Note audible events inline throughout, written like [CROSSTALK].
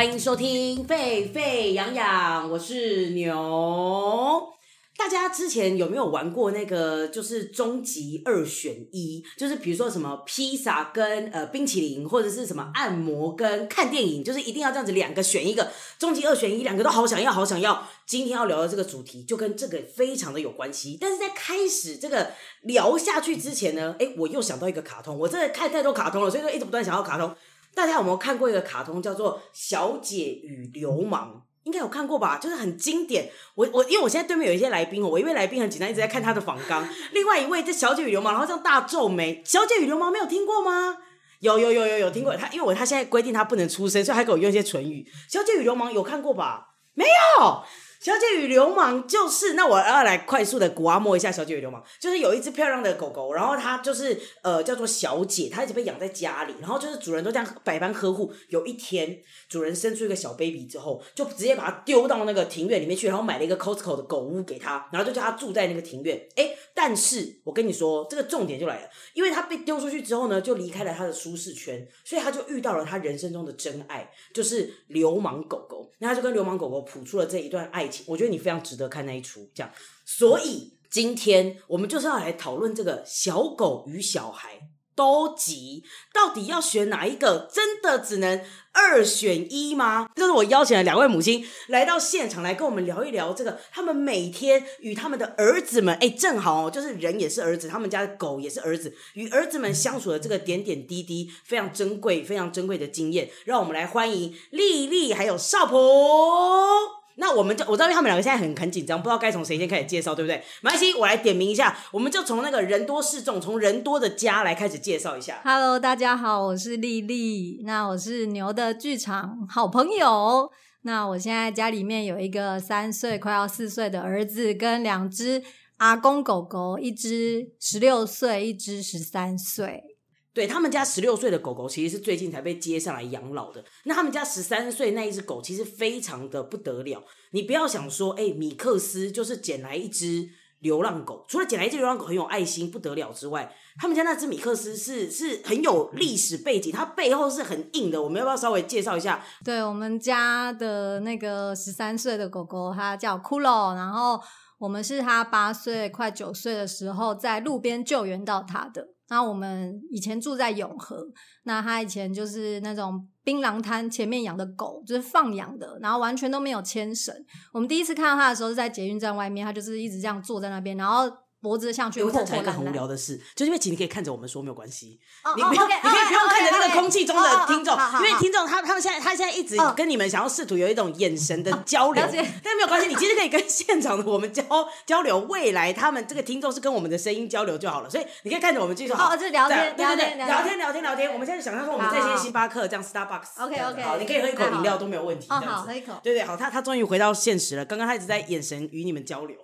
歡迎收聽吠吠揚養，我是牛。大家之前有沒有玩過那個？就是終極二選一，就是比如說什麼披薩跟呃冰淇淋，或者是什麼按摩跟看電影，就是一定要這樣子兩個選一個。終極二選一，兩個都好想要，好想要。今天要聊的這個主題就跟這個非常的有關係。但是在開始這個聊下去之前呢，誒，我又想到一個卡通，我真的看太多卡通了，所以說一直不斷想要卡通。大家有沒有看過一個卡通叫做《小姐與流氓》？應該有看過吧，就是很經典。我我因為我現在對面有一些來賓哦，我一位來賓很緊張，一直在看他的訪綱。另外一位這《小姐與流氓》，然後這樣大皺眉，《小姐與流氓》沒有聽過嗎？有有有有有聽過。他因為我他現在規定他不能出聲，所以還給我用一些唇語。《小姐與流氓》有看過吧？沒有。小姐與流氓就是，那我要來快速的谷阿莫一下。小姐與流氓就是有一隻漂亮的狗狗，然後它就是呃叫做小姐，它一直被養在家裡，然後就是主人都這樣百般呵護。有一天，主人生出一個小 baby 之後，就直接把它丟到那個庭院裡面去，然後買了一個 Costco 的狗屋給它，然後就叫它住在那個庭院。誒但是我跟你說，這個重點就來了，因為他被丟出去之後呢，就離開了他的舒適圈，所以他就遇到了他人生中的真愛，就是流氓狗狗。那他就跟流氓狗狗譜出了這一段愛情，我覺得你非常值得看那一出。這樣，所以今天我們就是要來討論這個小狗與小孩。都急，到底要選哪一個？真的只能二選一嗎？這，就是我邀請了兩位母親來到現場，來跟我們聊一聊這個他們每天與他們的兒子們，誒、欸、正好哦，就是人也是兒子，他們家的狗也是兒子，與兒子們相處的這個點點滴滴，非常珍貴，非常珍貴的經驗。讓我們來歡迎麗麗還有少婆。那我們就我知道他們兩個現在很很緊張，不知道該從誰先開始介紹，對不對？沒關係，我來點名一下，我們就從那個人多勢眾，從人多的家來開始介紹一下。Hello，大家好，我是麗麗。那我是牛的劇場好朋友。那我現在家裡面有一個三歲快要四歲的兒子，跟兩隻阿公狗狗，一隻十六歲，一隻十三歲。對，他們家十六歲的狗狗，其實是最近才被接上來養老的。那他們家十三歲那一只狗，其實非常的不得了。你不要想說，哎、欸，米克斯就是撿來一只流浪狗，除了撿來一只流浪狗很有愛心不得了之外，他們家那只米克斯是是很有歷史背景，它背後是很硬的。我們要不要稍微介紹一下？對，我們家的那個十三歲的狗狗，它叫骷髏，然後我們是它八歲快九歲的時候在路邊救援到它的。那我們以前住在永和，那他以前就是那種檳榔攤前面養的狗，就是放養的，然後完全都沒有牽繩。我們第一次看到他的時候是在捷運站外面，他就是一直這樣坐在那邊，然後。脖子像，去後，才一個很無聊的事，就是因為你其實可以看着我們，說沒有關係，你不用，你可以不用看着那個空氣中的聽眾，因為聽眾他他們現在他現在一直跟你們想要試圖有一種眼神的交流，但沒有關係，你其實可以跟現場的我們交交流，未來他們這個聽眾是跟我們的聲音交流就好了，所以你可以看着我們繼續。好，這聊天，對對對，聊天聊天聊天，我們現在想象說我們在一些星巴克這樣 Starbucks OK OK 好，你可以喝一口飲料都沒有問題，好，喝一口，對對好，他他終於回到現實了，剛剛他一直在眼神與你們交流。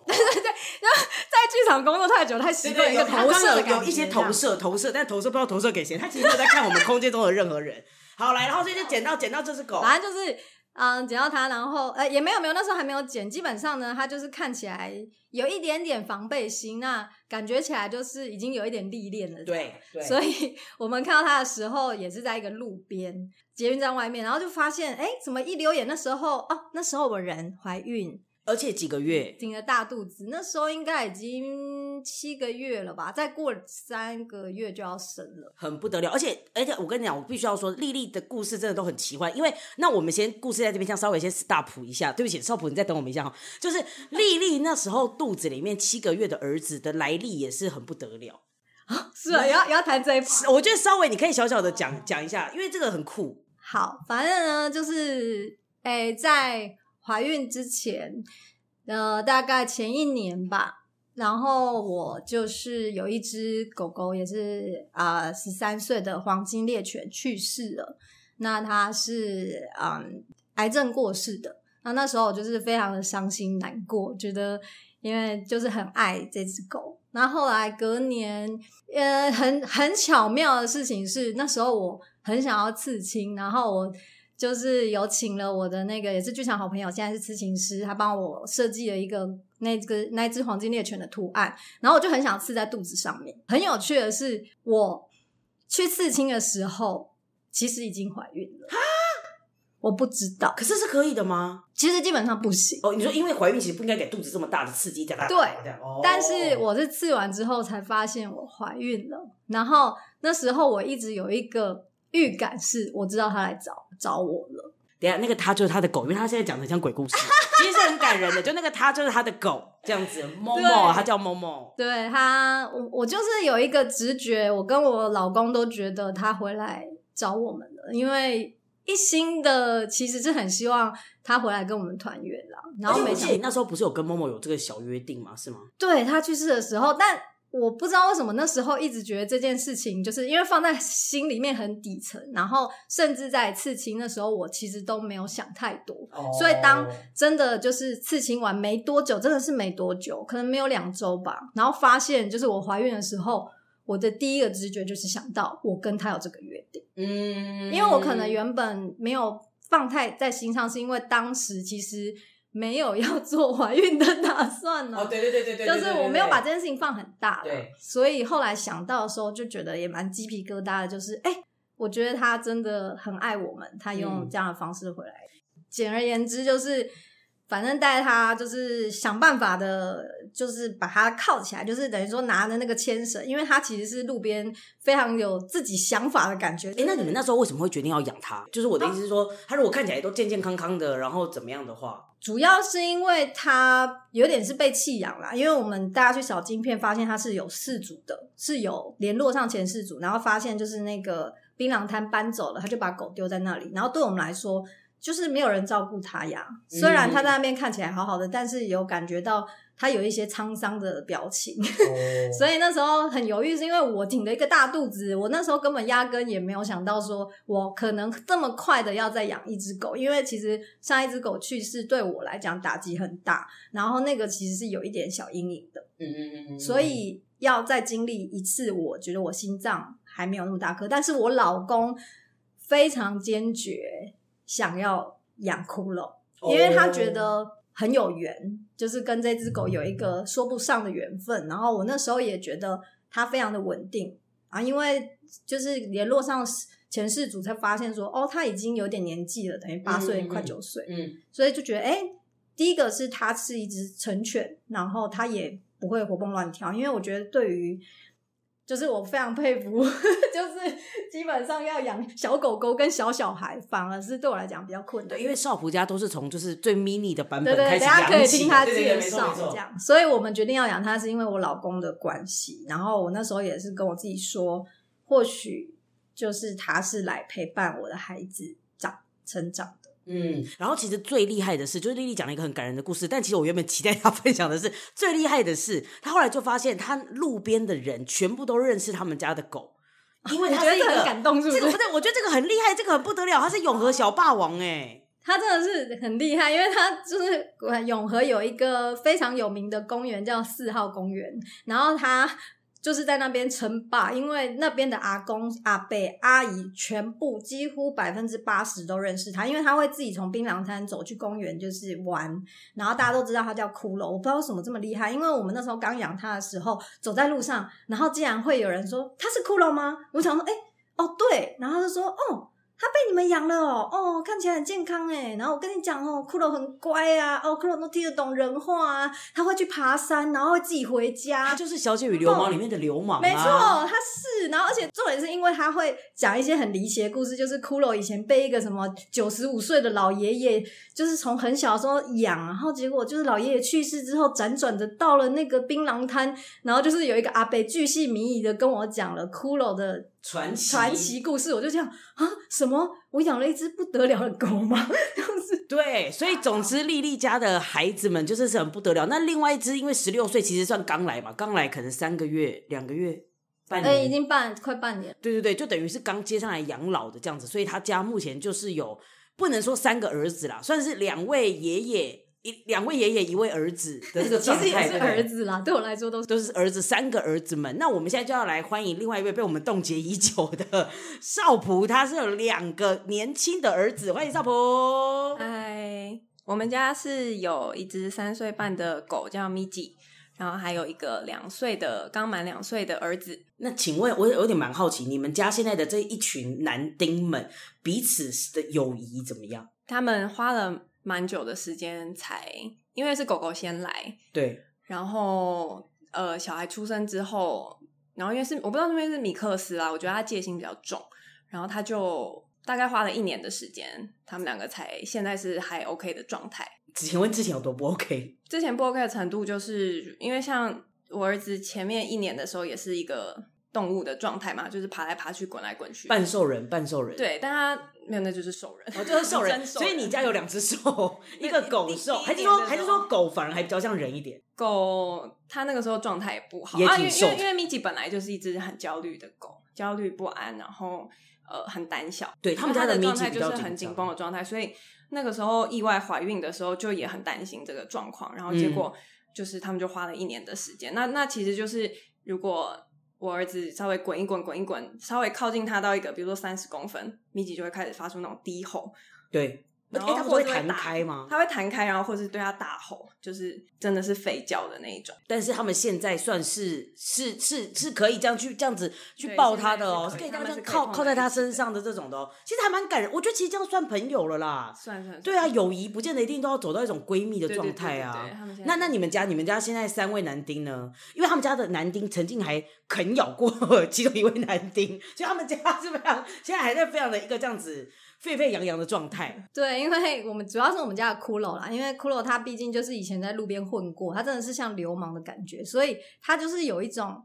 [LAUGHS] 在劇場工作太久太習慣，一個投射對對有投射有一些投射，投射，但投射不知道投射給誰。他其實沒有在看我們空間中的任何人。 [LAUGHS] 好，來，然後所以就撿到撿到這只狗，反正就是嗯，撿到它，然後呃、欸，也沒有沒有，那時候還沒有撿。基本上呢，它就是看起來有一點點防備心，那感覺起來就是已經有一點歷練了對。對，所以我們看到它的時候，也是在一個路邊捷運站外面，然後就發現，哎、欸，怎麼一溜眼？那時候哦、啊，那時候我人懷孕。而且幾個月挺着大肚子，那時候應該已經七個月了吧？再過三個月就要生了，很不得了。而且，而、欸、且我跟你講，我必須要說，莉莉的故事真的都很奇幻。因為，那我們先故事在這邊，像稍微先 stop 一下。對不起，stop 你再等我們一下哈。就是莉莉，欸，那時候肚子裡面七個月的兒子的來歷也是很不得了啊，是啊，也那要也要談這一次。我覺得稍微你可以小小的講講一下，因為這個很酷。好，反正呢，就是誒、欸，在。懷孕之前，呃，大概前一年吧，然後我就是有一隻狗狗，也是啊，十，呃，三歲的黃金獵犬去世了。那它是嗯，呃，癌症過世的。那那時候我就是非常的傷心難過，覺得因為就是很愛這隻狗。那後來隔年，呃，很很巧妙的事情是，那時候我很想要刺青，然後我。就是有請了我的那個也是劇場好朋友，現在是刺青師，他幫我設計了一個那個那一隻黃金獵犬的圖案，然後我就很想刺在肚子上面。很有趣的是，我去刺青的時候其實已經懷孕了哈，蛤我不知道，可是是可以的嗎？其實基本上不行哦。你說因為懷孕，其實不應該給肚子這麼大的刺激，對吧？對。噢但是我是刺完之後才發現我懷孕了，然後那時候我一直有一個。預感是，我知道他來找找我了。等下，那個他就是他的狗，因為他現在講得很像鬼故事， [LAUGHS] 其實是很感人的。就那個他就是他的狗，這樣子，Momo，他叫 Momo。對他，我我就是有一個直覺，我跟我老公都覺得他回來找我們了，因為一心的其實是很希望他回來跟我們團圓啦。然後沒，每次你那時候不是有跟 Momo 有這個小約定嗎？是嗎？對他去世的時候，但。我不知道為什麼那時候一直覺得這件事情，就是因為放在心裡面很底層，然後甚至在刺青的時候，我其實都沒有想太多。Oh. 所以當真的就是刺青完沒多久，真的是沒多久，可能沒有兩周吧，然後發現就是我懷孕的時候，我的第一個直覺就是想到我跟他有這個約定。嗯，mm. 因為我可能原本沒有放太在心上，是因為當時其實。沒有要做懷孕的打算呢、啊，哦對對對對對，就是我沒有把這件事情放很大，對對對對對，所以後來想到的時候就覺得也蠻雞皮疙瘩的，就是哎，我覺得他真的很愛我們，他用這樣的方式回來，嗯、簡而言之就是。反正帶它就是想辦法的，就是把它銬起來，就是等於說拿着那個牽繩，因為它其實是路邊非常有自己想法的感覺。哎、欸，那你們那時候為什麼會決定要養它？就是我的意思是說，它、啊、如果看起來都健健康康的，然後怎麼樣的話，主要是因為它有點是被棄養啦。因為我們大家去掃晶片，發現它是有飼主的，是有聯絡上前飼主，然後發現就是那個檳榔攤搬走了，他就把狗丟在那裡，然後對我們來說。就是沒有人照顧他呀。雖然他在那邊看起來好好的，嗯、但是有感覺到他有一些滄桑的表情。哦、 [LAUGHS] 所以那時候很猶豫，是因為我挺了一個大肚子，我那時候根本壓根也沒有想到說，我可能這麼快的要再養一隻狗。因為其實上一隻狗去世對我來講打擊很大，然後那個其實是有一點小陰影的。嗯，嗯嗯嗯。所以要再經歷一次，我覺得我心臟還沒有那麼大顆，但是我老公非常堅決。想要養骷髏，因為他覺得很有緣，oh. 就是跟這只狗有一個說不上的緣分。嗯、然後我那時候也覺得它非常的穩定啊，因為就是聯絡上前飼主才發現說，哦，它已經有點年紀了，等於八歲快九歲，嗯、mm，hmm. 所以就覺得，哎、欸，第一個是它是一只成犬，然後它也不會活蹦亂跳，因為我覺得對於。就是我非常佩服， [LAUGHS] 就是基本上要養小狗狗跟小小孩，反而是對我來講比較困難。對，因為少福家都是從就是最 mini 的版本開始養起的。對對，對對，沒錯，沒錯。這樣，所以我們決定要養它，是因為我老公的關係。然後我那時候也是跟我自己說，或許就是他是來陪伴我的孩子長成長。嗯，嗯，然後其實最厲害的是，就是莉莉講了一個很感人的故事。但其實我原本期待她分享的是最厲害的是，她後來就發現，她路邊的人全部都認識他們家的狗，因為她、這個啊、覺得這很感動，這個對不對，我覺得這個很厲害，這個很不得了，他是永和小霸王哎、欸，他真的是很厲害，因為他就是永和有一個非常有名的公園叫四號公園，然後他。就是在那邊稱霸，因為那邊的阿公、阿伯、阿姨全部幾乎百分之八十都認識他，因為他會自己從檳榔攤走去公園就是玩，然後大家都知道他叫骷髏，我不知道為什麼這麼厲害，因為我們那時候剛養他的時候，走在路上，然後竟然會有人說他是骷髏嗎？我想說，誒、欸、哦對，然後就說，哦。他被你們養了哦、喔，哦、喔，看起來很健康誒、欸、然後我跟你講哦、喔，骷髏很乖啊，哦、喔，骷髏都聽得懂人話啊。他會去爬山，然後會自己回家。他就是《小姐與流氓》裡面的流氓。啊，沒錯，他是。然後而且重點是因為他會講一些很離奇的故事，就是骷髏以前被一個什麼九十五歲的老爺爺，就是從很小的時候養，然後結果就是老爺爺去世之後，輾轉的到了那個檳榔攤，然後就是有一個阿伯巨細靡遺的跟我講了骷髏的傳奇,傳奇故事，我就這樣啊，什麼？我養了一只不得了的狗嗎？就是對，所以總之，麗麗家的孩子們就是很不得了。那另外一只，因為十六歲，其實算剛來嘛，剛來可能三個月、兩個月，半年，哎、欸，已經半快半年。對對對，就等於是剛接上來養老的這樣子。所以他家目前就是有，不能說三個兒子啦，算是兩位爺爺。一兩位爺爺，一位兒子，其實也是兒子啦，對我來說都是都是兒子，三個兒子們。那我們現在就要來歡迎另外一位被我們凍結已久的少僕，他是有兩個年輕的兒子。歡迎少僕！嗨，我們家是有一隻三歲半的狗叫米吉，然後還有一個兩歲的剛滿兩歲的兒子。那請問我有點蠻好奇，你們家現在的這一群男丁們彼此的友誼怎麼樣？他們花了。蠻久的時間才，因為是狗狗先來，對，然後呃小孩出生之後，然後因為是我不知道那邊是,是米克斯啦，我覺得他戒心比較重，然後他就大概花了一年的時間，他們兩個才現在是還 OK 的狀態。請問之前有多不 OK？之前不 OK 的程度就是因為像我兒子前面一年的時候也是一個。動物的狀態嘛，就是爬來爬去，滾來滾去。半獸人，半獸人。對，但他沒有，那就是獸人、哦，就是獸人。人，所以你家有兩隻獸，對一個狗獸，還是說還是說狗反而還比較像人一點？狗它那個時候狀態也不好，也挺瘦，啊，因為因為，因為米奇本來就是一隻很焦慮的狗，焦慮不安，然後呃很膽小。對他們家的狀態就是很緊繃的狀態，所以那個時候意外懷孕的時候就也很擔心這個狀況，然後結果就是他們就花了一年的時間。嗯、那那其實就是如果。我兒子稍微滾一滾，滾一滾，稍微靠近他到一個，比如說三十公分，米奇就會開始發出那種低吼。對。然後、欸、他們會彈開嗎？會，他會彈開，然後或是對他大吼，就是真的是吠叫的那一種。但是他們現在算是是是是可以這樣去這樣子去抱他的哦，喔，是可，以是可以這樣靠靠在他身上的這種的，喔，其實還蠻感人。我覺得其實這樣算朋友了啦，算算、算、算對啊，友誼不見得一定都要走到一種閨蜜的狀態啊。對對對對對，那那你們家你們家現在三位男丁呢？因為他們家的男丁曾經還啃咬過 [LAUGHS] 其中一位男丁，所以他們家是非常現在還在非常的一個這樣子。沸沸揚揚的狀態。對，因為我們主要是我們家的骷髏啦，因為骷髏他畢竟就是以前在路邊混過，他真的是像流氓的感覺，所以他就是有一種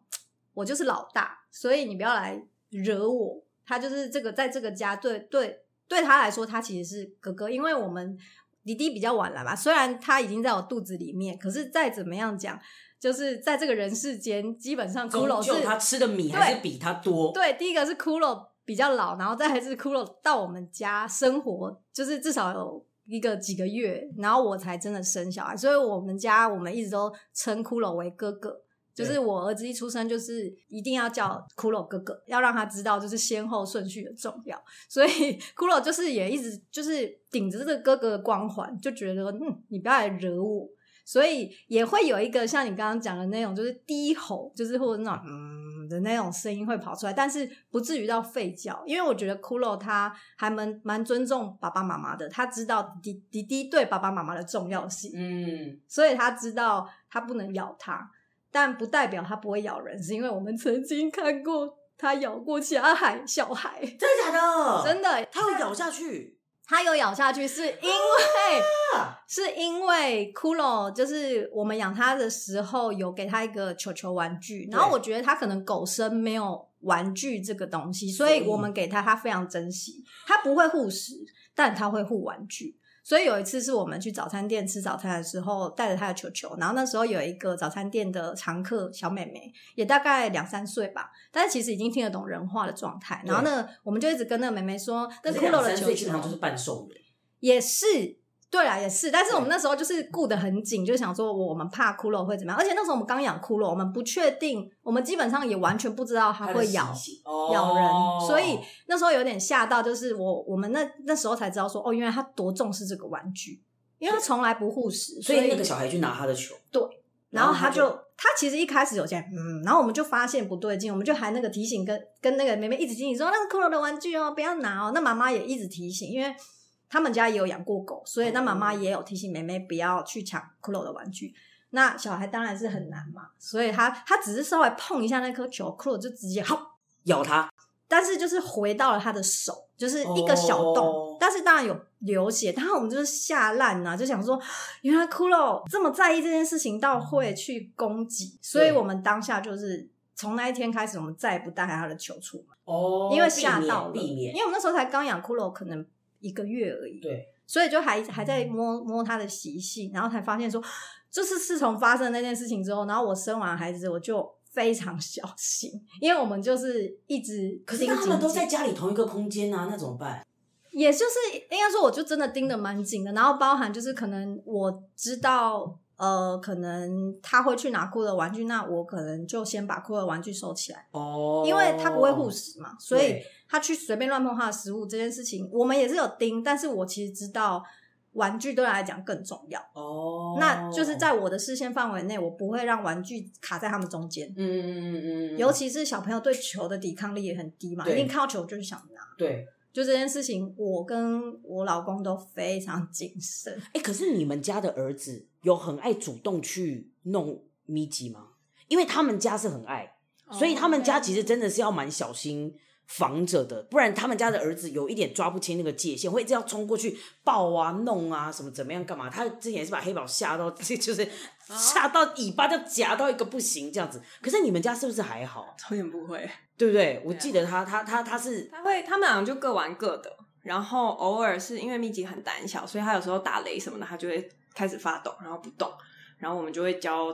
我就是老大，所以你不要來惹我。他就是這個在這個家對對對他來說，他其實是哥哥，因為我們弟弟比較晚了嘛，雖然他已經在我肚子裡面，可是再怎麼樣講，就是在這個人世間，基本上骷髏是他吃的米還是比他多？對，對，第一個是骷髏。比較老，然後再來是骷髏到我們家生活，就是至少有一個幾個月，然後我才真的生小孩，所以我們家我們一直都稱骷髏為哥哥，就是我兒子一出生就是一定要叫骷髏哥哥，要讓他知道就是先後順序的重要，所以骷髏就是也一直就是頂着這個哥哥的光環，就覺得嗯，你不要來惹我。所以也會有一個像你剛剛講的那種，就是低吼，就是或者那種嗯的那種聲音會跑出來，但是不至於到吠叫。因為我覺得骷髏他還蠻蠻尊重爸爸媽媽的，他知道弟弟弟對爸爸媽媽的重要性，嗯，所以他知道他不能咬他，但不代表他不會咬人，是因為我們曾經看過他咬過小孩，小孩真的假的？真的，他會咬下去。它有咬下去，是因為、啊、是因為骷髏，就是我們養它的時候有給它一個球球玩具，對然後我覺得它可能狗生沒有玩具這個東西，所以我們給它，它非常珍惜，它不會護食，但它會護玩具。所以有一次是我們去早餐店吃早餐的時候，帶着他的球球，然後那時候有一個早餐店的常客小妹妹，也大概兩三歲吧，但是其實已經聽得懂人話的狀態。對然後呢，我們就一直跟那個妹妹說，但是骷髏的球球經常就是半獸人，也是。對啊，也是，但是我們那時候就是顧得很緊，對就想說我們怕骷髏會怎麼樣。而且那時候我們剛養骷髏，我們不確定，我們基本上也完全不知道他會咬他咬人，哦、所以那時候有點嚇到。就是我我們那那時候才知道說，哦，原來他多重視這個玩具，因為他從來不護食，所以那個小孩去拿他的球，對。然後他就，後他，就他其實一開始有些嗯，然後我們就發現不對勁，我們就還那個提醒跟，跟跟那個妹妹一直提醒說那是、個、骷髏的玩具哦，不要拿哦。那媽媽也一直提醒，因為。他們家也有養過狗，所以那媽媽也有提醒妹妹不要去搶骷髏的玩具。Oh. 那小孩當然是很難嘛，所以他他只是稍微碰一下那顆球，骷髏就直接好咬他。但是就是回到了他的手，就是一個小洞，oh. 但是當然有流血。當然我們就是嚇爛了，就想說，原來骷髏這麼在意這件事情，倒會去攻擊。對所以我們當下就是從那一天開始，我們再也不帶他的球出門，哦，oh, 因為嚇到避免。因為我們那時候才剛養骷髏，可能。一個月而已，對，所以就還還在摸摸他的習性，然後才發現說，就是自從發生的那件事情之後，然後我生完孩子我就非常小心，因為我們就是一直緊緊，可是那他們都在家裡同一個空間啊，那怎麼辦？也就是應該說，我就真的盯得蠻緊的，然後包含就是可能我知道。呃，可能他會去拿庫的玩具，那我可能就先把庫的玩具收起來哦，oh, 因為他不會護食嘛，對所以他去隨便亂碰他的食物這件事情，我們也是有盯，但是我其實知道玩具對他來講更重要哦，oh, 那就是在我的視線範圍內，我不會讓玩具卡在他們中間，嗯嗯嗯嗯，嗯嗯嗯，尤其是小朋友對球的抵抗力也很低嘛，對一看到球就是想拿，對。就這件事情，我跟我老公都非常謹慎。哎、欸，可是你們家的兒子有很愛主動去弄咪吉嗎？因為他們家是很愛，所以他們家其實真的是要蠻小心防着的，不然他們家的兒子有一點抓不清那個界限，會這樣衝過去抱啊、弄啊什麼怎麼樣幹嘛？他之前也是把黑寶嚇到，就是。嚇到尾巴就夾到一個不行這樣子，可是你們家是不是還好？周遠不會，對不對？對啊、我記得他，他，他，他，他是他會他們好像就各玩各的，然後偶爾是因為咪吉很膽小，所以他有時候打雷什麼的，他就會開始發抖，然後不動，然後我們就會教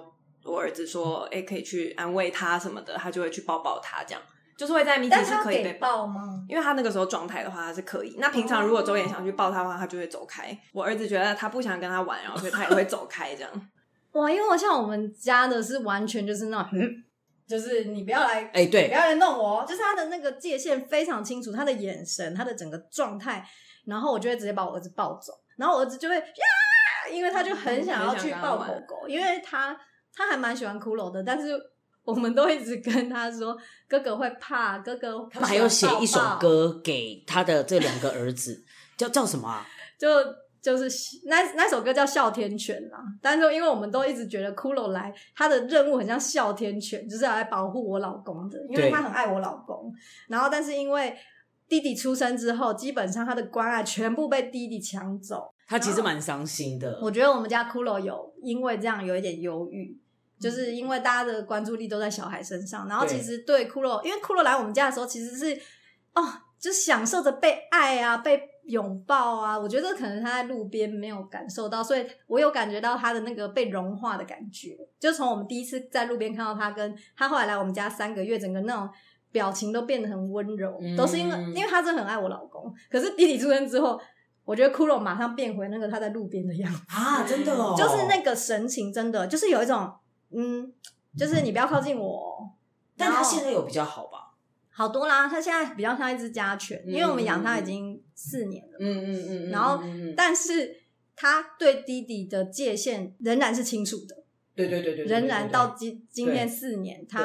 我兒子說，哎、欸，可以去安慰他什麼的，他就會去抱抱他，這樣就是會在咪吉是可以被抱嗎？因為他那個時候狀態的話，他是可以。那平常如果周遠想去抱他的話，他就會走開。我兒子覺得他不想跟他玩，然後所以他也會走開，這樣。 [LAUGHS] 哇，因為我像我們家的是完全就是那種，嗯，就是你不要來，哎、欸，對，不要來弄我，就是他的那個界限非常清楚，他的眼神，他的整個狀態，然後我就會直接把我兒子抱走，然後我兒子就會呀，因為他就很想要去抱狗狗，嗯，剛剛因為他他還蠻喜歡骷髏的，但是我們都一直跟他說，哥哥會怕，哥哥還抱抱。還有寫一首歌給他的這兩個兒子， [LAUGHS] 叫叫什麼啊？就。就是那那首歌叫《哮天犬》啦，但是因為我們都一直覺得骷髏來，他的任務很像哮天犬，就是來保護我老公的，因為他很愛我老公。然後，但是因為弟弟出生之後，基本上他的關愛全部被弟弟搶走，他其實蠻傷心的。我覺得我們家骷髏有因為這樣有一點憂鬱，就是因為大家的關注力都在小孩身上。然後，其實對骷髏，因為骷髏來我們家的時候，其實是哦，就是享受着被愛啊，被。擁抱啊！我覺得可能他在路邊沒有感受到，所以我有感覺到他的那個被融化的感覺。就從我們第一次在路邊看到他，跟他後來來我們家三個月，整個那種表情都變得很溫柔，嗯、都是因為因為他真的很愛我老公。可是弟弟出生之後，我覺得骷髏馬上變回那個他在路邊的樣子啊！真的，哦，就是那個神情，真的就是有一種嗯，就是你不要靠近我。嗯、哦、但他現在有比較好吧？好多啦，他現在比較像一隻家犬，嗯嗯嗯，因為我們養他已經四年了。嗯，嗯嗯嗯。然後，嗯嗯嗯嗯，但是他對弟弟的界限仍然是清楚的。對對對對。仍然到今今天四年，對他，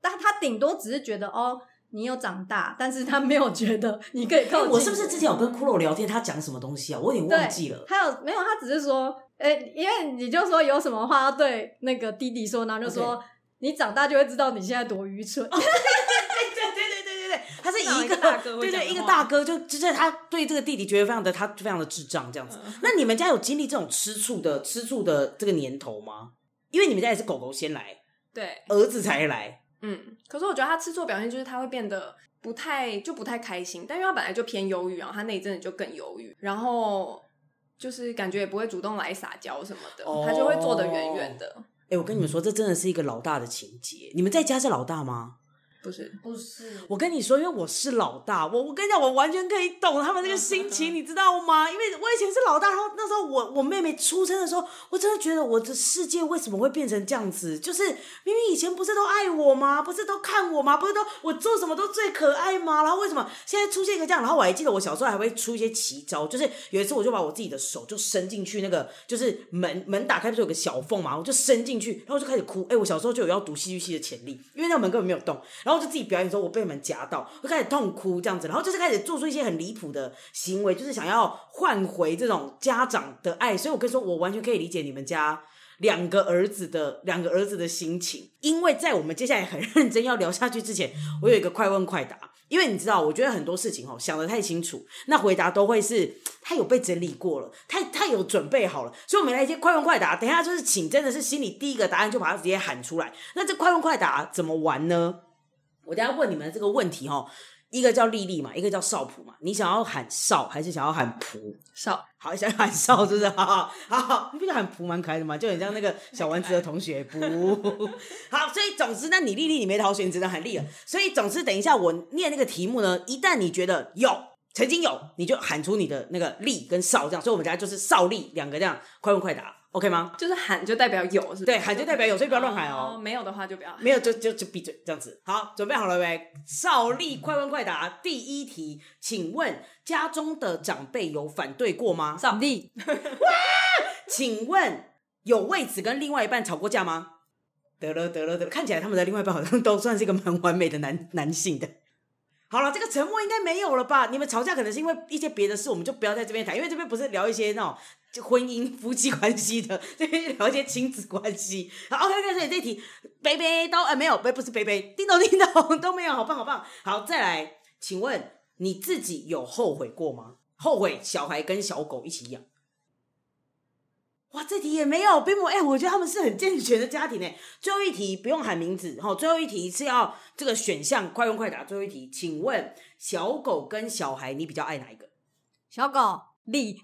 但對他頂多只是覺得哦，你有長大，但是他沒有覺得你可以靠近。欸，我是不是之前有跟骷髏聊天？他講什麼東西啊？我有點忘記了。他有沒有？他只是說，誒、欸，因為你就說有什麼話要對那個弟弟說，然後就說 Okay. 你長大就會知道你現在多愚蠢。 [LAUGHS] 大哥對對，一個大哥就就在、是、他對這個弟弟覺得非常的他非常的智障這樣子。嗯、那你們家有經歷這種吃醋的吃醋的這個年頭嗎？因為你們家也是狗狗先來，對，兒子才來。嗯，可是我覺得他吃醋表現就是他會變得不太就不太開心，但因為他本來就偏憂鬱啊，然後他那一陣子就更憂鬱，然後就是感覺也不會主動來撒嬌什麼的，哦、他就會坐得遠遠的。哎、欸，我跟你們說，這真的是一個老大的情節。嗯、你們在家是老大嗎？不是不是，不是我跟你說，因為我是老大，我我跟你講，我完全可以懂他們那個心情， [LAUGHS] 你知道嗎？因為我以前是老大，然後那時候我我妹妹出生的時候，我真的覺得我的世界為什麼會變成這樣子？就是明明以前不是都愛我嗎？不是都看我嗎？不是都我做什麼都最可愛嗎？然後為什麼現在出現一個這樣？然後我還記得我小時候還會出一些奇招，就是有一次我就把我自己的手就伸進去那個就是門門打開的時候有個小縫嘛，我就伸進去，然後就開始哭。哎、欸，我小時候就有要讀戲劇系的潛力，因為那門根本沒有動，然後就自己表演說：“我被門夾到，就開始痛哭這樣子。”然後就是開始做出一些很離譜的行為，就是想要換回這種家長的愛。所以我跟你說，我完全可以理解你們家兩個兒子的兩個兒子的心情。因為在我們接下來很認真要聊下去之前，我有一個快問快答。因為你知道，我覺得很多事情哦，想得太清楚，那回答都會是他有被整理過了，他他有準備好了。所以我們來一些快問快答。等一下就是請真的是心裡第一個答案，就把他直接喊出來。那這快問快答怎麼玩呢？我等下問你們這個問題哦，一個叫麗麗嘛，一個叫少普嘛，你想要喊少還是想要喊普？少，好，想喊少， [LAUGHS] 是不是？好好，好好你不就喊普蠻可愛的嘛？就很像那個小丸子的同學普。不 [LAUGHS] 好，所以總之那你麗麗你沒逃選，你只能喊麗了。嗯、所以總之，等一下我念那個題目呢，一旦你覺得有曾經有，你就喊出你的那個麗跟少這樣。所以我們家就是少麗兩個這樣，快問快答。OK 嗎？就是喊就代表有，是不是？對，喊就代表有，所以不要亂喊哦，哦。沒有的話就不要，沒有就就就閉嘴，這樣子。好，準備好了唄？少力，快問快答，第一題，請問家中的長輩有反對過嗎？少力哇 [LAUGHS] 請問有為此跟另外一半吵過架嗎？得了，得了，得了，看起來他們的另外一半好像都算是一個蠻完美的男男性的。好了，這個沉默應該沒有了吧？你們吵架可能是因為一些別的事，我們就不要在這邊談，因為這邊不是聊一些那種。就婚姻夫妻關係的，這邊聊一些親子關係。好，OK 所以這題，杯杯都哎、呃、沒有，貝不是杯杯，叮咚叮咚都沒有，好棒好棒。好，再來，請問你自己有後悔過嗎？後悔小孩跟小狗一起養？哇，這題也沒有。冰魔哎、欸，我覺得他們是很健全的家庭耶。最後一題不用喊名字哈、哦，最後一題是要這個選項快問快答。最後一題，請問小狗跟小孩你比較愛哪一個？小狗，你。 [LAUGHS]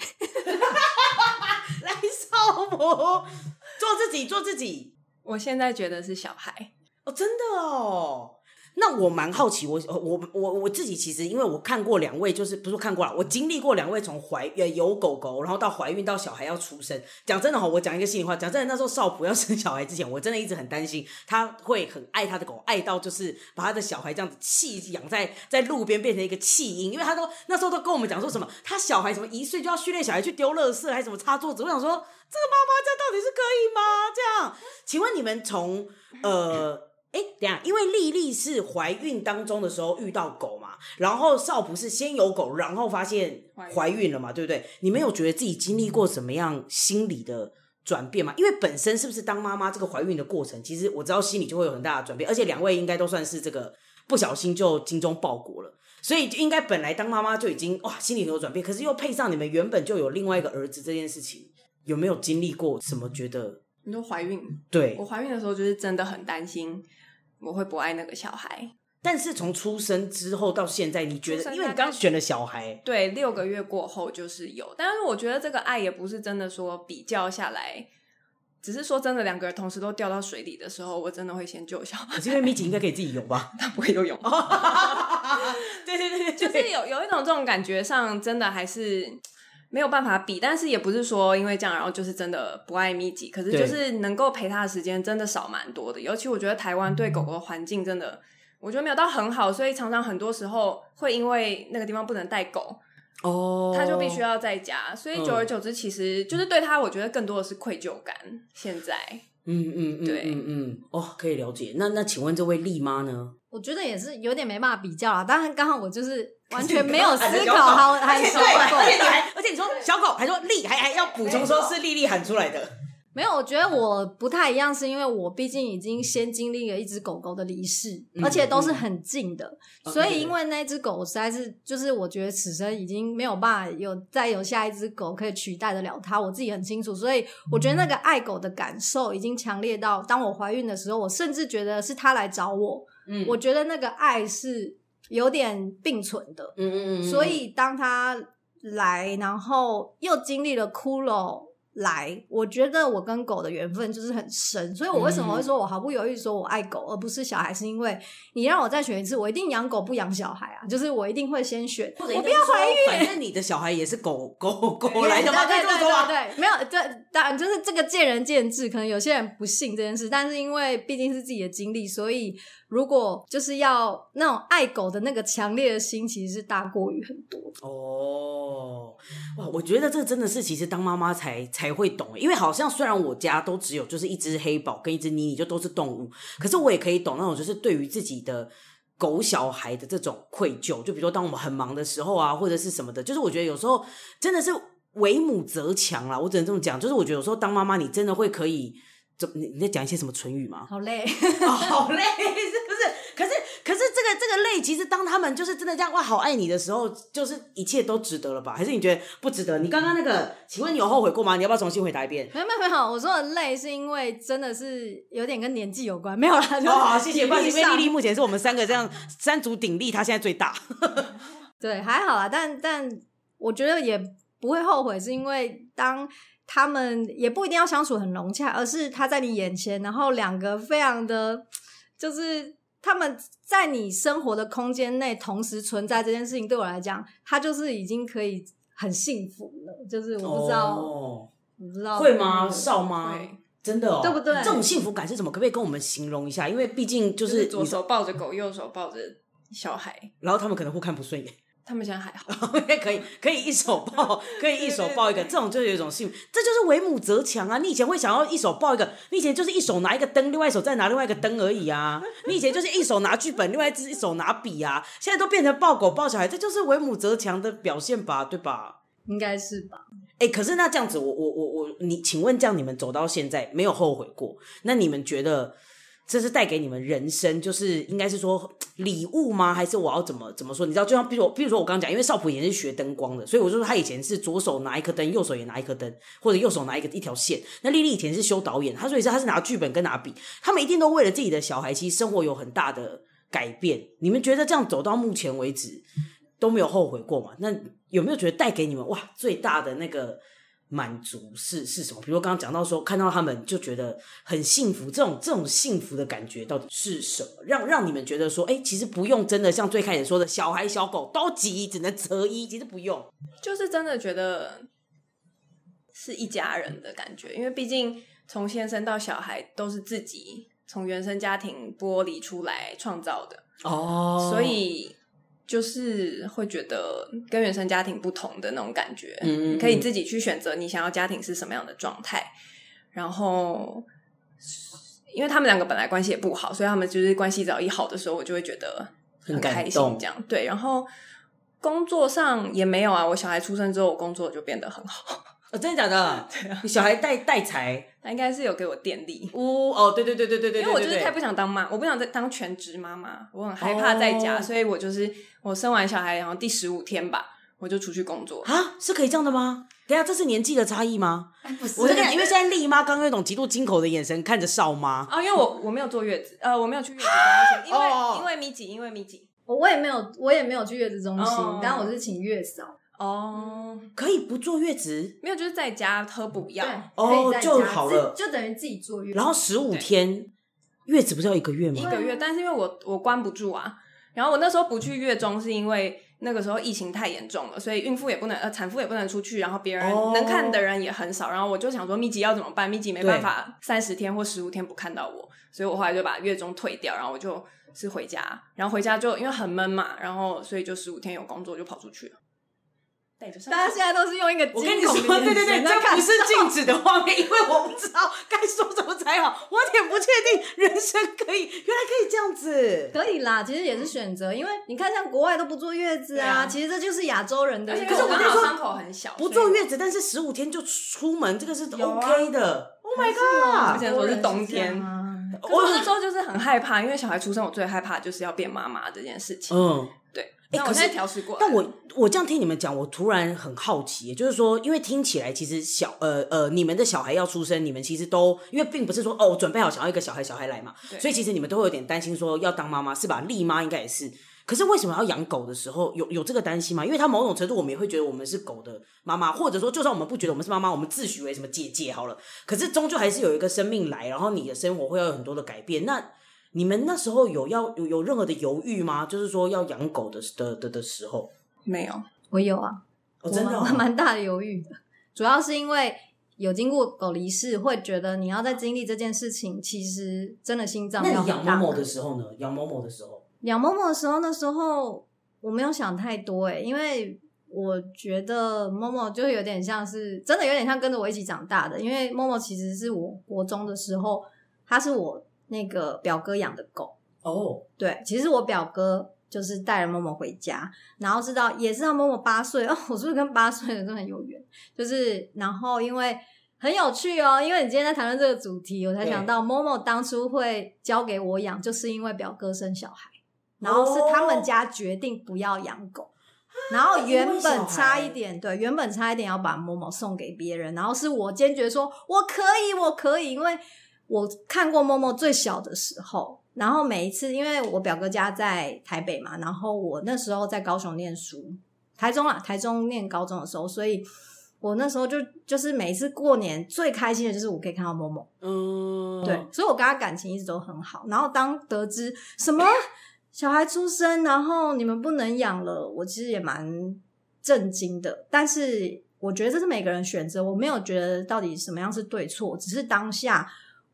來，少不，做自己，做自己。 [LAUGHS] 我現在覺得是小孩，哦，真的哦。那我蠻好奇，我我我我自己其實，因為我看過兩位，就是不是看過啦，我經歷過兩位從懷呃有狗狗，然後到懷孕到小孩要出生。講真的哈，我講一個心裡話，講真的，那時候少婦要生小孩之前，我真的一直很擔心，他會很愛他的狗，愛到就是把他的小孩這樣子棄養在在路邊，變成一個棄嬰。因為他都那時候都跟我們講說什麼，他小孩什麼一歲就要訓練小孩去丟垃圾，還是什麼擦桌子。我想說，這個媽媽這樣到底是可以嗎？這樣，請問你們從呃。 [LAUGHS] 哎，等下，因為麗麗是懷孕當中的時候遇到狗嘛，然後少普是先有狗，然後發現懷孕了嘛，對不對？你們有覺得自己經歷過什麼樣心理的轉變嗎？因為本身是不是當媽媽這個懷孕的過程，其實我知道心裡就會有很大的轉變。而且兩位應該都算是這個不小心就精忠報國了，所以就應該本來當媽媽就已經哇，心裡很有轉變。可是又配上你們原本就有另外一個兒子這件事情，有沒有經歷過什麼覺得？你都懷孕，對，我懷孕的時候就是真的很擔心我會不愛那個小孩。但是從出生之後到現在，你覺得因為你剛選了小孩，對，六個月過後就是有，但是我覺得這個愛也不是真的說比較下來，只是說真的兩個人同時都掉到水裡的時候，我真的會先救小孩。可是因為米姐應該可以自己游吧？他不會游泳。 [LAUGHS] [LAUGHS] 對對對對，對，就是有有一種這種感覺上，真的還是。沒有辦法比，但是也不是說因為這樣，然後就是真的不愛密集，可是就是能夠陪他的時間真的少蠻多的。對尤其我覺得台灣對狗狗的環境真的，嗯、我覺得沒有到很好，所以常常很多時候會因為那個地方不能帶狗，哦，他就必須要在家，所以久而久之，其實就是對他，我覺得更多的是愧疚感。現在，嗯嗯嗯，嗯嗯對，嗯嗯，嗯，哦，可以了解。那那請問這位麗媽呢？我覺得也是有點沒辦法比較啊。當然，剛好我就是完全沒有思考，好，很小狗。說小狗還說麗還還要補充說是莉莉喊出來的，沒有，我覺得我不太一樣，嗯、是因為我畢竟已經先經歷了一隻狗狗的離世，嗯、而且都是很近的，嗯、所以因為那隻狗實在是就是我覺得此生已經沒有辦法有再有下一隻狗可以取代得了它，我自己很清楚，所以我覺得那個愛狗的感受已經強烈到，當我懷孕的時候，我甚至覺得是它來找我，嗯、我覺得那個愛是有點併存的，嗯嗯，嗯，嗯所以當它。來，然後又經歷了骷髏。來，我覺得我跟狗的緣分就是很深，所以我為什麼會說我毫不猶豫說我愛狗而不是小孩，是因為你讓我再選一次，我一定養狗不養小孩啊！就是我一定會先選，不我不要懷孕，欸。反正你的小孩也是狗狗狗來的對對，嗯、對，對對對對嗯、沒有，這，當然就是這個見仁見智，可能有些人不信這件事，但是因為畢竟是自己的經歷，所以如果就是要那種愛狗的那個強烈的心，其實是大過於很多哦。哇，我覺得這真的是其實當媽媽才才。也會懂，因為好像雖然我家都只有就是一隻黑寶跟一隻妮妮，就都是動物，可是我也可以懂那種就是對於自己的狗小孩的這種愧疚。就比如說當我們很忙的時候啊，或者是什麼的，就是我覺得有時候真的是為母則強啦，我只能這麼講，就是我覺得有時候當媽媽，你真的會可以。怎你你在講一些什麼唇語嗎？好累、哦？好累。好是。這個累，其實當他們就是真的這樣哇，我好愛你的時候，就是一切都值得了吧？還是你覺得不值得？你剛剛那個，嗯、請問你有後悔過嗎？你要不要重新回答一遍？沒有沒有沒有，我說的累是因為真的是有點跟年紀有關，沒有啦、啊。好、哦、謝謝麗因為麗麗目前是我們三個這樣 [LAUGHS] 三足鼎立，她現在最大。 [LAUGHS] 對，還好啊，但但我覺得也不會後悔，是因為當他們也不一定要相處很融洽，而是他在你眼前，然後兩個非常的就是。他們在你生活的空間內同時存在這件事情，對我來講，他就是已經可以很幸福了。就是我不知道，你、哦、知道會嗎？少嗎？對真的、哦，對不對？這種幸福感是什麼？可不可以跟我們形容一下？因為畢竟就是，就是左手抱着狗，右手抱着小孩，然後他們可能互看不順眼。他們現在還好，可以可以，可以一手抱，可以一手抱一個， [LAUGHS] 對對對對，這種就是有一種幸，這就是為母則強啊！你以前會想要一手抱一個，你以前就是一手拿一個燈，另外一手再拿另外一個燈而已啊！你以前就是一手拿劇本， [LAUGHS] 另外一隻手拿筆啊！現在都變成抱狗、抱小孩，這就是為母則強的表現吧？對吧？應該是吧？哎、欸，可是那這樣子我，我我我我，你請問這樣你們走到現在沒有後悔過？那你們覺得？這是帶給你們人生，就是應該是說禮物嗎？還是我要怎麼怎麼說？你知道，就像，比如說，比如說我剛剛講，因為少普也是學燈光的，所以我就說他以前是左手拿一顆燈，右手也拿一顆燈，或者右手拿一個一條線。那莉莉以前是修導演，她所以說她是拿劇本跟拿筆，他們一定都為了自己的小孩，其實生活有很大的改變。你們覺得這樣走到目前為止都沒有後悔過嗎？那有沒有覺得帶給你們哇最大的那個？滿足是是什麼？比如剛剛講到說，看到他們就覺得很幸福，這種這種幸福的感覺到底是什麼？讓讓你們覺得說，哎、欸，其實不用真的像最開始說的小孩、小狗都急，只能擇一，其實不用，就是真的覺得是一家人的感覺。嗯、因為畢竟從先生到小孩都是自己從原生家庭剝離出來創造的哦，所以。就是會覺得跟原生家庭不同的那種感覺，你、嗯、可以自己去選擇你想要家庭是什麼樣的狀態。然後，因為他們兩個本來關係也不好，所以他們就是關係只要一好的時候，我就會覺得很開心。這樣。動對，然後工作上也沒有啊，我小孩出生之後，我工作就變得很好。哦，真的假的？小孩帶帶財，他應該是有給我電力。嗚哦，對對對對對對，因為我就是太不想當媽，我不想再當全職媽媽，我很害怕在家，所以我就是我生完小孩然後第十五天吧，我就出去工作。啊，是可以這樣的嗎？等下這是年紀的差異嗎？不是，我就跟你講，因為現在麗媽剛剛有種極度驚恐的眼神看着少媽啊，因為我我沒有坐月子，呃，我沒有去月子中心，因為因為米幾，因為米幾。我我也沒有我也沒有去月子中心，然後我是請月嫂。哦，oh, 可以不坐月子？沒有，就是在家喝補藥，哦，就好了，就等於自己坐月子。然後十五天，對月子不是要一個月嗎？一個月，但是因為我我關不住啊。然後我那時候不去月中是因為那個時候疫情太嚴重了，所以孕婦也不能呃，產婦也不能出去，然後別人能看的人也很少。然後我就想說密集要怎麼辦？密集沒辦法三十天或十五天不看到我，所以我後來就把月中退掉，然後我就是回家，然後回家就因為很悶嘛，然後所以就十五天有工作就跑出去了。大家現在都是用一個驚恐，對對對，看。這不是靜止的畫面，因為我不知道該說什麼才好，我有點不確定人生可以，原來可以這樣子，可以啦，其實也是選擇，因為你看像國外都不坐月子啊，其實這就是亞洲人的。可是我剛剛傷口很小。不坐月子，但是十五天就出門，這個是 OK 的。Oh my god！我現在說是冬天，我有時候就是很害怕，因為小孩出生，我最害怕就是要變媽媽這件事情。嗯。哎，可是但我但我，我這樣聽你們講，我突然很好奇，就是說，因為聽起來其實小呃呃，你們的小孩要出生，你們其實都因為並不是說哦，我準備好想要一個小孩，小孩來嘛，對所以其實你們都會有點擔心，說要當媽媽是吧？麗媽應該也是。可是為什麼要養狗的時候有有這個擔心嗎？因為它某種程度，我們也會覺得我們是狗的媽媽，或者說就算我們不覺得我們是媽媽，我們自詡為什麼姐姐好了。可是終究還是有一個生命來，然後你的生活會要有很多的改變。那。你們那時候有要有有任何的猶豫嗎？就是說要養狗的的的的時候，沒有，我有啊，我、哦、真的蠻、哦、大的猶豫的，主要是因為有經過狗離世，會覺得你要再經歷這件事情，其實真的心臟、啊。要養某某的時候呢？養某某的時候，養某某的時候，那時候我沒有想太多哎，因為我覺得某某就是有點像是真的有點像跟着我一起長大的，因為某某其實是我國中的時候，他是我。那個表哥養的狗哦，Oh. 對，其實我表哥就是帶了某某回家，然後知道也是讓某某八歲哦，我是不是跟八歲的都很有緣？就是然後因為很有趣哦，因為你今天在談論這個主題，我才想到某某 Yeah. 當初會交給我養，就是因為表哥生小孩，然後是他們家決定不要養狗，Oh. 然後原本差一點對，原本差一點要把某某送給別人，然後是我堅決說我可以，我可以，因為。我看過默默最小的時候，然後每一次，因為我表哥家在台北嘛，然後我那時候在高雄念書，台中啦，台中念高中的時候，所以我那時候就就是每一次過年最開心的就是我可以看到默默，嗯，對，所以我跟他感情一直都很好。然後當得知什麼小孩出生，然後你們不能養了，我其實也蠻震驚的。但是我覺得這是每個人選擇，我沒有覺得到底什麼樣是對錯，只是當下。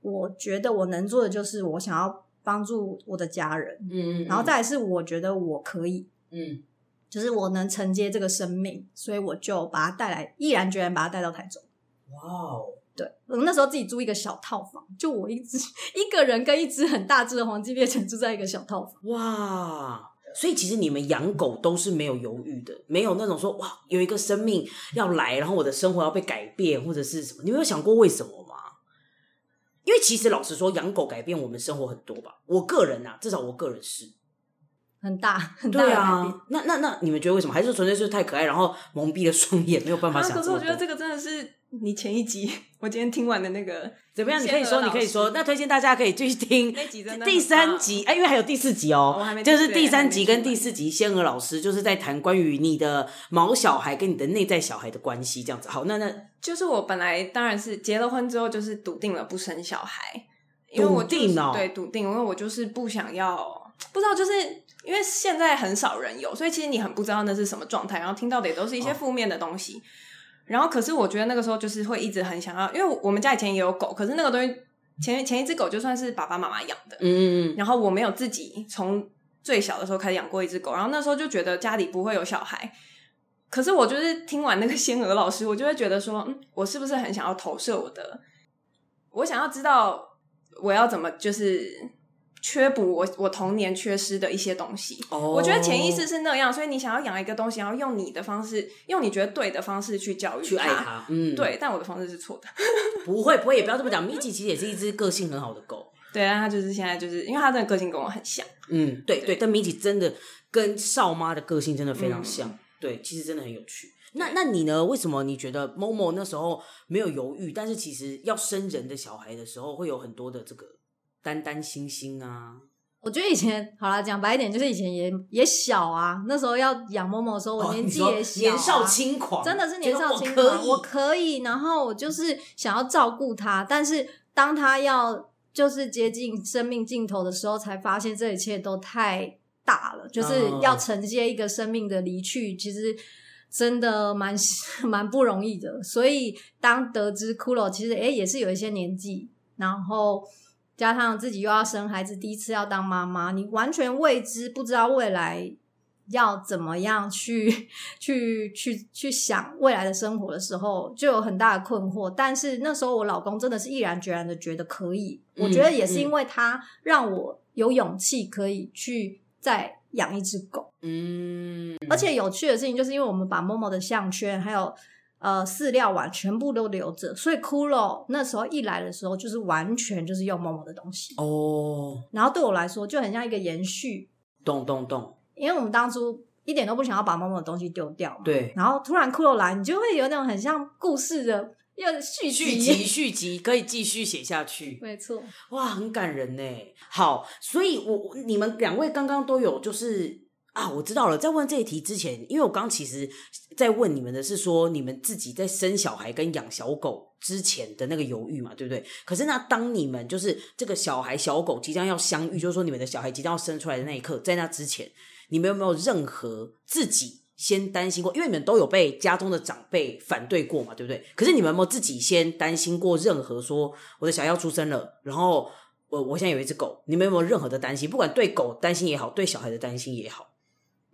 我覺得我能做的就是我想要幫助我的家人，嗯，然後再來是我覺得我可以，嗯，就是我能承接這個生命，所以我就把它帶來，毅然決然把它帶到台中。哇哦，對，我那時候自己租一個小套房，就我一隻一個人跟一隻很大隻的黃金獵犬住在一個小套房。哇，wow，所以其實你們養狗都是沒有猶豫的，沒有那種說哇有一個生命要來，然後我的生活要被改變或者是什麼，你沒有想過為什麼嗎？因為其實老實說，養狗改變我們生活很多吧。我個人吶、啊，至少我個人是很大很大對啊。那那那，你們覺得為什麼？還是純粹是太可愛，然後蒙蔽了雙眼，沒有辦法想、啊。可是我覺得這個真的是。你前一集，我今天聽完的那個怎麼樣？你可以說，你可以說。那推薦大家可以繼續聽第三集，哎，因為還有第四集哦，哦就是第三集跟第四集，仙娥老師就是在談關於你的毛小孩跟你的內在小孩的關係，這樣子。好，那那就是我本來當然是結了婚之後，就是篤定了不生小孩，篤、就是、定、哦、對，篤定，因為我就是不想要，不知道，就是因為現在很少人有，所以其實你很不知道那是什麼狀態，然後聽到的也都是一些負面的東西。哦然後，可是我覺得那個時候就是會一直很想要，因為我們家以前也有狗，可是那個東西前前一隻狗就算是爸爸媽媽養的，嗯，嗯，嗯，然後我沒有自己從最小的時候開始養過一隻狗，然後那時候就覺得家裡不會有小孩，可是我就是聽完那個仙娥老師，我就會覺得說，嗯，我是不是很想要投射我的，我想要知道我要怎麼就是。缺補我我童年缺失的一些東西，oh, 我覺得潛意識是那樣，所以你想要養一個東西，然後用你的方式，用你覺得對的方式去教育它，去愛他，嗯，對。但我的方式是錯的， [LAUGHS] 不會，不會，也不要這麼講。 [LAUGHS] 米奇其實也是一只個性很好的狗，對啊，他就是現在就是因為他真的個性跟我很像，嗯，對對。但米奇真的跟少媽的個性真的非常像，嗯、對，其實真的很有趣。那那你呢？為什麼你覺得 Momo 那時候沒有猶豫，但是其實要生人的小孩的時候會有很多的這個？擔擔心心啊！我覺得以前好啦，講白一點，就是以前也也小啊。那時候要養某某的時候，我年紀也小，啊，哦，年少輕狂，真的是年少輕狂。我可，我可以，然後我就是想要照顧他，但是當他要就是接近生命盡頭的時候，才發現這一切都太大了，就是要承接一個生命的離去，嗯，其實真的蠻蠻不容易的。所以當得知骷髏其實哎也是有一些年紀，然後。加上自己又要生孩子，第一次要當媽媽，你完全未知，不知道未來要怎麼樣去去去去想未來的生活的時候，就有很大的困惑。但是那時候我老公真的是毅然決然的覺得可以。嗯、我覺得也是因為他讓我有勇氣可以去再養一隻狗。嗯，而且有趣的事情就是因為我們把默默的項圈還有。呃，飼料碗全部都留着，所以骷髏那時候一來的時候，就是完全就是用 Momo 的東西哦。Oh, 然後對我來說，就很像一個延續，咚咚咚。因為我們當初一點都不想要把 Momo 的東西丟掉嘛。對。然後突然骷髏來，你就會有那種很像故事的要續續集，續集，續集，可以繼續寫下去。沒錯。哇，很感人呢。好，所以我你們兩位剛剛都有就是。啊，我知道了。在問這一題之前，因為我剛其實，在問你們的是說，你們自己在生小孩跟養小狗之前的那個猶豫嘛，對不對？可是那當你們就是這個小孩、小狗即將要相遇，就是說你們的小孩即將要生出來的那一刻，在那之前，你們有沒有任何自己先擔心過？因為你們都有被家中的長輩反對過嘛，對不對？可是你們有沒有自己先擔心過任何說我的小孩要出生了，然後我我現在有一隻狗，你們有沒有任何的擔心？不管對狗擔心也好，對小孩的擔心也好。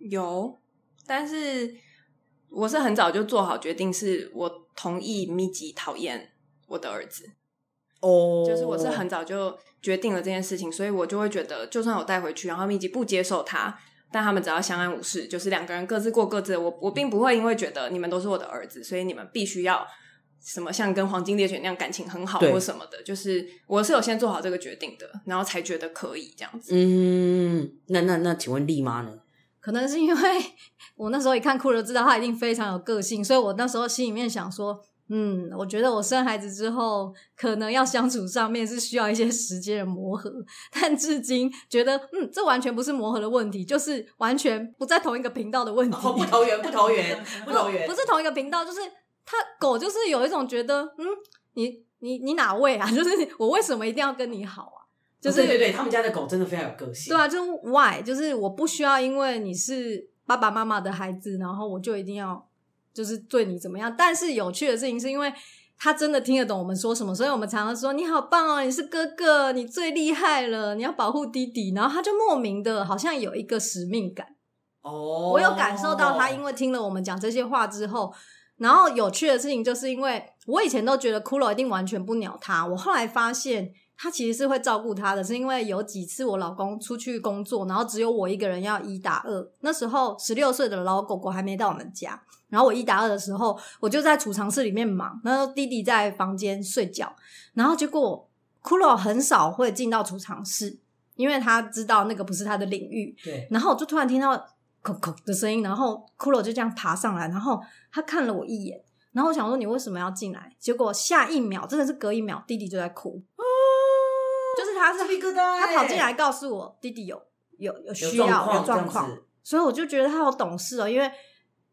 有，但是我是很早就做好決定，是我同意米吉討厭我的兒子。哦，oh. 就是我是很早就決定了這件事情，所以我就會覺得，就算我帶回去，然後米吉不接受他，但他們只要相安無事，就是兩個人各自過各自的。我我並不會因為覺得你們都是我的兒子，所以你們必須要什麼像跟黃金獵犬那樣感情很好或什麼的。對就是我是有先做好這個決定的，然後才覺得可以這樣子。嗯，那那那，那請問麗媽呢？可能是因為我那時候一看酷狗，知道他一定非常有個性，所以我那時候心裡面想說，嗯，我覺得我生孩子之後，可能要相處上面是需要一些時間的磨合。但至今覺得，嗯，這完全不是磨合的問題，就是完全不在同一個頻道的問題。哦，不投緣，不投緣，不投緣，不投緣不，不是同一個頻道，就是他狗就是有一種覺得，嗯，你你你哪位啊？就是我為什麼一定要跟你好啊？就是哦、對對對，他們家的狗真的非常有個性。對啊，就是 why？就是我不需要，因為你是爸爸媽媽的孩子，然後我就一定要就是對你怎麼樣。但是有趣的事情是因為他真的聽得懂我們說什麼，所以我們常常說你好棒哦，你是哥哥，你最厲害了，你要保護弟弟。然後他就莫名的好像有一個使命感哦，oh. 我有感受到他，因為聽了我們講這些話之後，然後有趣的事情就是因為我以前都覺得骷髏一定完全不鳥他，我後來發現。他其實是會照顧他的，是因為有幾次我老公出去工作，然後只有我一個人要一打二。那時候十六歲的老狗狗還沒到我們家，然後我一打二的時候，我就在儲藏室裡面忙，然後弟弟在房間睡覺。然後結果，骷髏很少會進到儲藏室，因為他知道那個不是他的領域。對。然後我就突然聽到“空空”的聲音，然後骷髏就這樣爬上來，然後他看了我一眼，然後我想說：“你為什麼要進來？”結果下一秒，真的是隔一秒，弟弟就在哭。就是他是他跑進來告訴我弟弟有有有需要，有狀況，所以我就覺得他好懂事哦，因為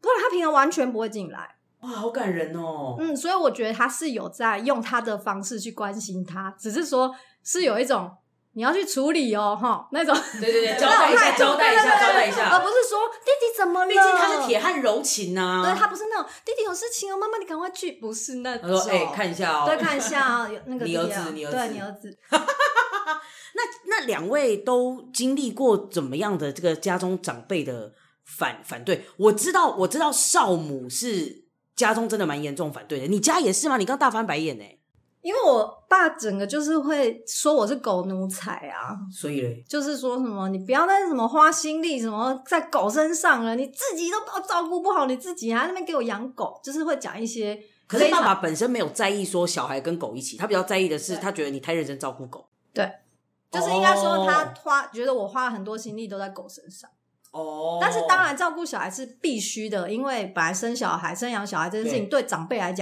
不然他平常完全不會進來。哇，好感人哦。嗯，所以我覺得他是有在用他的方式去關心他，只是說是有一種你要去處理哦，吼，那種對對對，交代一下，交代一下，交代一下，而不是說弟弟怎麼了？畢竟他是鐵漢柔情啊。對，他不是那種弟弟有事情哦，媽媽你趕快去，不是那個。我說，誒，看一下哦，再看一下哦，那個你兒子，你兒子，對你兒子。啊、那那兩位都經歷過怎麼樣的這個家中長輩的反反對？我知道，我知道少母是家中真的蠻嚴重反對的。你家也是嗎？你剛大翻白眼呢、欸，因為我爸整個就是會說我是狗奴才啊，所以呢、嗯，就是說什麼你不要在什麼花心力，什麼在狗身上了，你自己都照顧不好你自己，還在那邊給我養狗，就是會講一些。可是爸爸本身沒有在意說小孩跟狗一起，他比較在意的是，對他覺得你太認真照顧狗。對，就是應該說他花、oh. 覺得我花了很多心力都在狗身上哦，oh. 但是當然照顧小孩是必須的，因為本來生小孩、生養小孩這件事情 Yeah. 對長輩來講，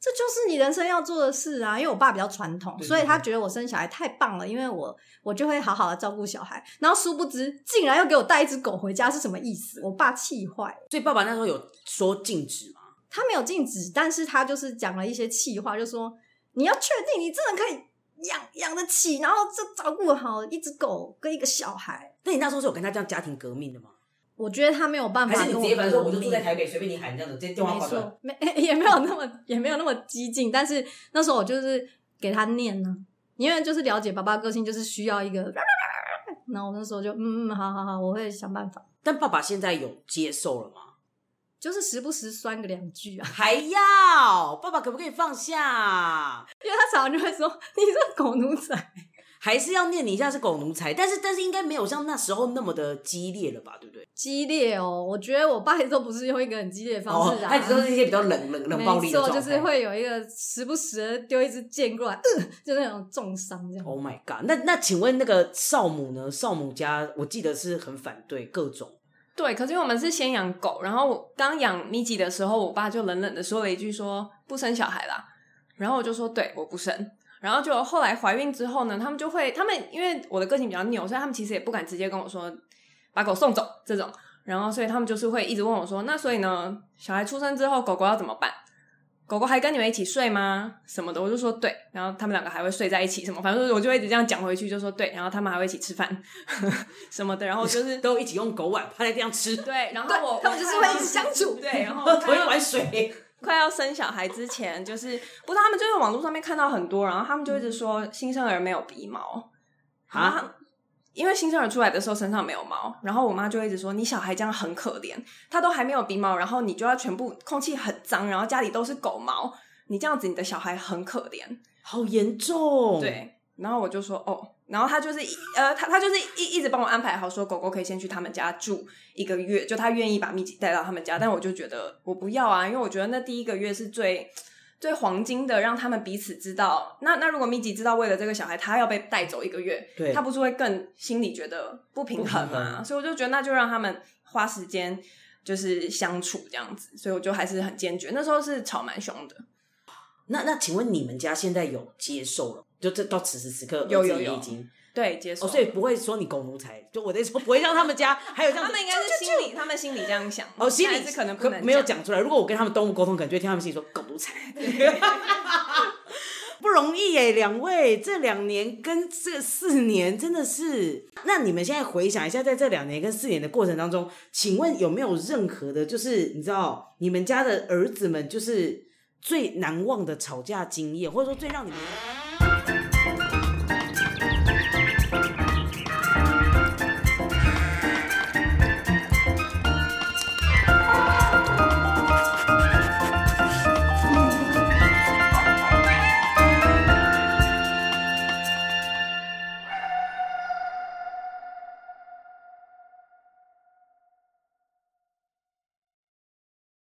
這就是你人生要做的事啊。因為我爸比較傳統，所以他覺得我生小孩太棒了，因為我我就會好好的照顧小孩，然後殊不知竟然又給我帶一只狗回家是什麼意思？我爸氣壞，所以爸爸那時候有說禁止嗎？他沒有禁止，但是他就是講了一些氣話，就說你要確定你真的可以。養養得起，然後就照顧好一隻狗跟一個小孩。那你那時候是有跟他這樣家庭革命的嗎？我覺得他沒有辦法。還是你直接反正革命，我就住在台北，隨便你喊，這樣子，直接電話掛，沒沒也沒有那麼，也沒有那麼激進，但是那時候我就是給他念呢、啊，因為就是了解爸爸個性，就是需要一個。然後我那時候就嗯嗯好好好，我會想辦法。但爸爸現在有接受了嗎？就是時不時酸個兩句啊，還要爸爸可不可以放下？因為他常常就會說：“你這狗奴才，還是要念你一下是狗奴才。”但是，但是應該沒有像那時候那麼的激烈了吧？對不對？激烈哦，我覺得我爸那時候不是用一個很激烈的方式啊，哦、他只是一些比較冷冷冷暴力的時候，就是會有一個時不時丟一支箭過來，嗯、呃，就那種重傷這樣。Oh my god！那那請問那個少母呢？少母家我記得是很反對各種。對，可是因為我們是先養狗，然後剛養咪幾的時候，我爸就冷冷的說了一句說不生小孩啦，然後我就說對，我不生，然後就後來懷孕之後呢，他們就會他們因為我的個性比較拗，所以他們其實也不敢直接跟我說把狗送走這種，然後所以他們就是會一直問我說那所以呢，小孩出生之後狗狗要怎麼辦？狗狗還跟你們一起睡嗎？什麼的，我就說對，然後他們兩個還會睡在一起，什麼，反正我就一直這樣講回去，就說對，然後他們還會一起吃飯，呵呵什麼的，然後就是都一起用狗碗趴在地上吃。對，然後我， [LAUGHS] 然後我他們就是會一直相處， [LAUGHS] 對，然後同一碗水。快要生小孩之前，就是不是他們就是網絡上面看到很多，然後他們就一直說，嗯，新生兒沒有鼻毛啊。哈因為新生兒出來的時候身上沒有毛，然後我媽就一直說，你小孩這樣很可憐，他都還沒有鼻毛，然後你就要全部空氣很髒，然後家裡都是狗毛，你這樣子你的小孩很可憐，好嚴重。對，然後我就說哦，然後他就是一呃，他他就是一一直幫我安排好，說狗狗可以先去他們家住一個月，就他願意把咪吉帶到他們家，但我就覺得我不要啊，因為我覺得那第一個月是最。最黃金的，讓他們彼此知道。那那如果米吉知道，為了這個小孩，他要被帶走一個月，對他不是會更心裡覺得不平衡嗎？不平衡啊。所以我就覺得，那就讓他們花時間就是相處這樣子。所以我就還是很堅決。那時候是吵蠻凶的。那那請問你們家現在有接受了？就這到此時此刻，有有已經。有有有有對，結束，哦。所以不會說你狗奴才，就我的意思，不會讓他們家 [LAUGHS] 還有這樣他們應該是心裡，他們心裡這樣想。哦，心裡是可能，能可沒有講出來。如果我跟他們動物溝通，可能就會聽他們心裡說狗奴才，不容易耶、欸。兩位這兩年跟這四年真的是，那你們現在回想一下，在這兩年跟四年的過程當中，請問有沒有任何的，就是你知道你們家的兒子們，就是最難忘的吵架經驗，或者說最讓你們。